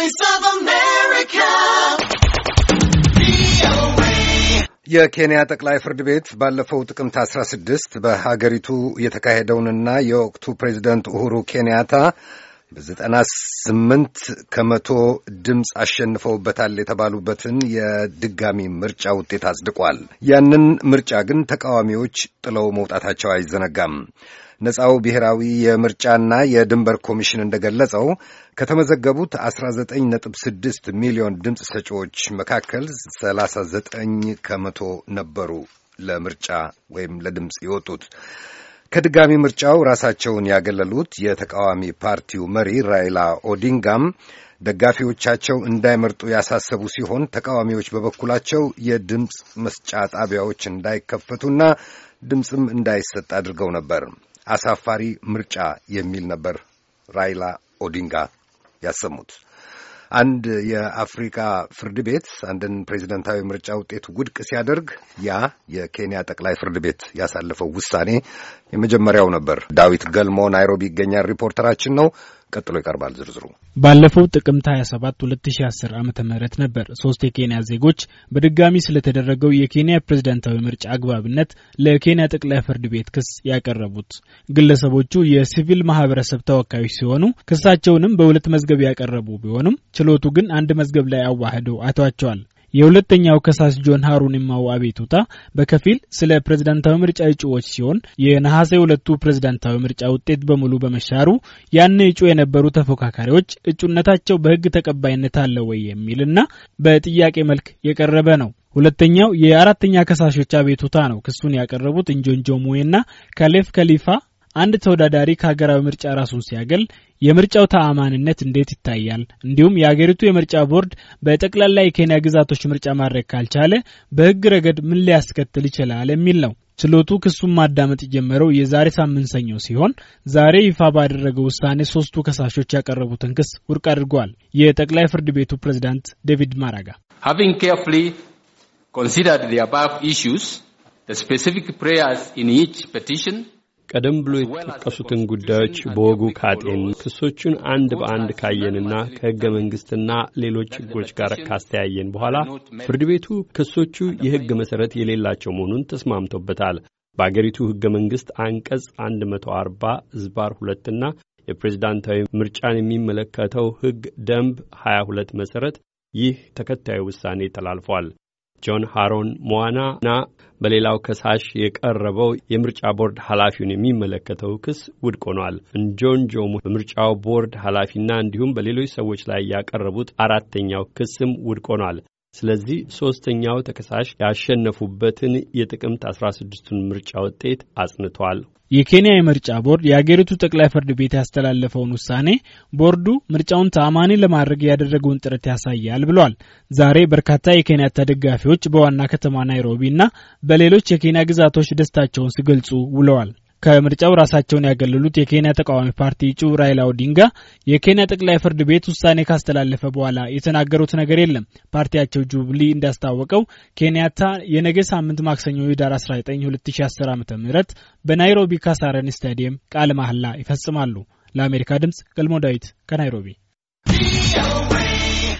Voice of America. የኬንያ ጠቅላይ ፍርድ ቤት ባለፈው ጥቅምት 16 በሀገሪቱ የተካሄደውንና የወቅቱ ፕሬዚደንት ኡሁሩ ኬንያታ በዘጠና ስምንት ከመቶ ድምፅ አሸንፈውበታል የተባሉበትን የድጋሚ ምርጫ ውጤት አጽድቋል። ያንን ምርጫ ግን ተቃዋሚዎች ጥለው መውጣታቸው አይዘነጋም። ነፃው ብሔራዊ የምርጫና የድንበር ኮሚሽን እንደገለጸው ከተመዘገቡት 19.6 ሚሊዮን ድምፅ ሰጪዎች መካከል 39 ከመቶ ነበሩ ለምርጫ ወይም ለድምፅ የወጡት። ከድጋሚ ምርጫው ራሳቸውን ያገለሉት የተቃዋሚ ፓርቲው መሪ ራይላ ኦዲንጋም ደጋፊዎቻቸው እንዳይመርጡ ያሳሰቡ ሲሆን ተቃዋሚዎች በበኩላቸው የድምፅ መስጫ ጣቢያዎች እንዳይከፈቱና ድምፅም እንዳይሰጥ አድርገው ነበር። አሳፋሪ ምርጫ የሚል ነበር ራይላ ኦዲንጋ ያሰሙት። አንድ የአፍሪካ ፍርድ ቤት አንድን ፕሬዚደንታዊ ምርጫ ውጤት ውድቅ ሲያደርግ ያ የኬንያ ጠቅላይ ፍርድ ቤት ያሳለፈው ውሳኔ የመጀመሪያው ነበር። ዳዊት ገልሞ ናይሮቢ ይገኛል፣ ሪፖርተራችን ነው። ቀጥሎ ይቀርባል ዝርዝሩ። ባለፈው ጥቅምት 27 2010 ዓ ም ነበር ሶስት የኬንያ ዜጎች በድጋሚ ስለተደረገው የኬንያ ፕሬዝዳንታዊ ምርጫ አግባብነት ለኬንያ ጠቅላይ ፍርድ ቤት ክስ ያቀረቡት። ግለሰቦቹ የሲቪል ማህበረሰብ ተወካዮች ሲሆኑ ክሳቸውንም በሁለት መዝገብ ያቀረቡ ቢሆንም ችሎቱ ግን አንድ መዝገብ ላይ አዋህዶ አቷቸዋል። የሁለተኛው ከሳሽ ጆን ሀሩኒማው ማው አቤቱታ በከፊል ስለ ፕሬዝዳንታዊ ምርጫ እጩዎች ሲሆን የነሐሴ ሁለቱ ፕሬዝዳንታዊ ምርጫ ውጤት በሙሉ በመሻሩ ያን እጩ የነበሩ ተፎካካሪዎች እጩነታቸው በህግ ተቀባይነት አለ ወይ የሚልና በጥያቄ መልክ የቀረበ ነው። ሁለተኛው የአራተኛ ከሳሾች አቤቱታ ነው። ክሱን ያቀረቡት እንጆንጆሙዌና ካሌፍ ከሊፋ አንድ ተወዳዳሪ ከሀገራዊ ምርጫ ራሱን ሲያገል የምርጫው ተአማንነት እንዴት ይታያል? እንዲሁም የአገሪቱ የምርጫ ቦርድ በጠቅላላ የኬንያ ግዛቶች ምርጫ ማድረግ ካልቻለ በሕግ ረገድ ምን ሊያስከትል ይችላል የሚል ነው። ችሎቱ ክሱን ማዳመጥ የጀመረው የዛሬ ሳምንት ሰኞ ሲሆን ዛሬ ይፋ ባደረገው ውሳኔ ሶስቱ ከሳሾች ያቀረቡትን ክስ ውድቅ አድርገዋል። የጠቅላይ ፍርድ ቤቱ ፕሬዝዳንት ዴቪድ ማራጋ having carefully considered the above issues the specific prayers ቀደም ብሎ የተጠቀሱትን ጉዳዮች በወጉ ካጤን ክሶቹን አንድ በአንድ ካየንና ከሕገ መንግሥትና ሌሎች ሕጎች ጋር ካስተያየን በኋላ ፍርድ ቤቱ ክሶቹ የሕግ መሠረት የሌላቸው መሆኑን ተስማምቶበታል። በአገሪቱ ሕገ መንግሥት አንቀጽ 140 ዝባር ሁለትና የፕሬዝዳንታዊ ምርጫን የሚመለከተው ሕግ ደንብ 22 መሠረት ይህ ተከታዩ ውሳኔ ተላልፏል። ጆን ሃሮን ሞዋና በሌላው ከሳሽ የቀረበው የምርጫ ቦርድ ኃላፊውን የሚመለከተው ክስ ውድቅ ሆኗል። እንጆን ጆሙ በምርጫው ቦርድ ኃላፊና እንዲሁም በሌሎች ሰዎች ላይ ያቀረቡት አራተኛው ክስም ውድቅ ሆኗል። ስለዚህ ሦስተኛው ተከሳሽ ያሸነፉበትን የጥቅምት 16ቱን ምርጫ ውጤት አጽንቷል። የኬንያ የምርጫ ቦርድ የአገሪቱ ጠቅላይ ፍርድ ቤት ያስተላለፈውን ውሳኔ ቦርዱ ምርጫውን ተአማኒ ለማድረግ ያደረገውን ጥረት ያሳያል ብሏል። ዛሬ በርካታ የኬንያታ ደጋፊዎች በዋና ከተማ ናይሮቢ እና በሌሎች የኬንያ ግዛቶች ደስታቸውን ሲገልጹ ውለዋል። ከምርጫው ራሳቸውን ያገለሉት የኬንያ ተቃዋሚ ፓርቲ እጩ ራይላ ኦዲንጋ የኬንያ ጠቅላይ ፍርድ ቤት ውሳኔ ካስተላለፈ በኋላ የተናገሩት ነገር የለም። ፓርቲያቸው ጁብሊ እንዳስታወቀው ኬንያታ የነገ ሳምንት ማክሰኞ ህዳር 19 2010 ዓ ም በናይሮቢ ካሳረን ስታዲየም ቃለ መሐላ ይፈጽማሉ። ለአሜሪካ ድምጽ ገልሞ ዳዊት ከናይሮቢ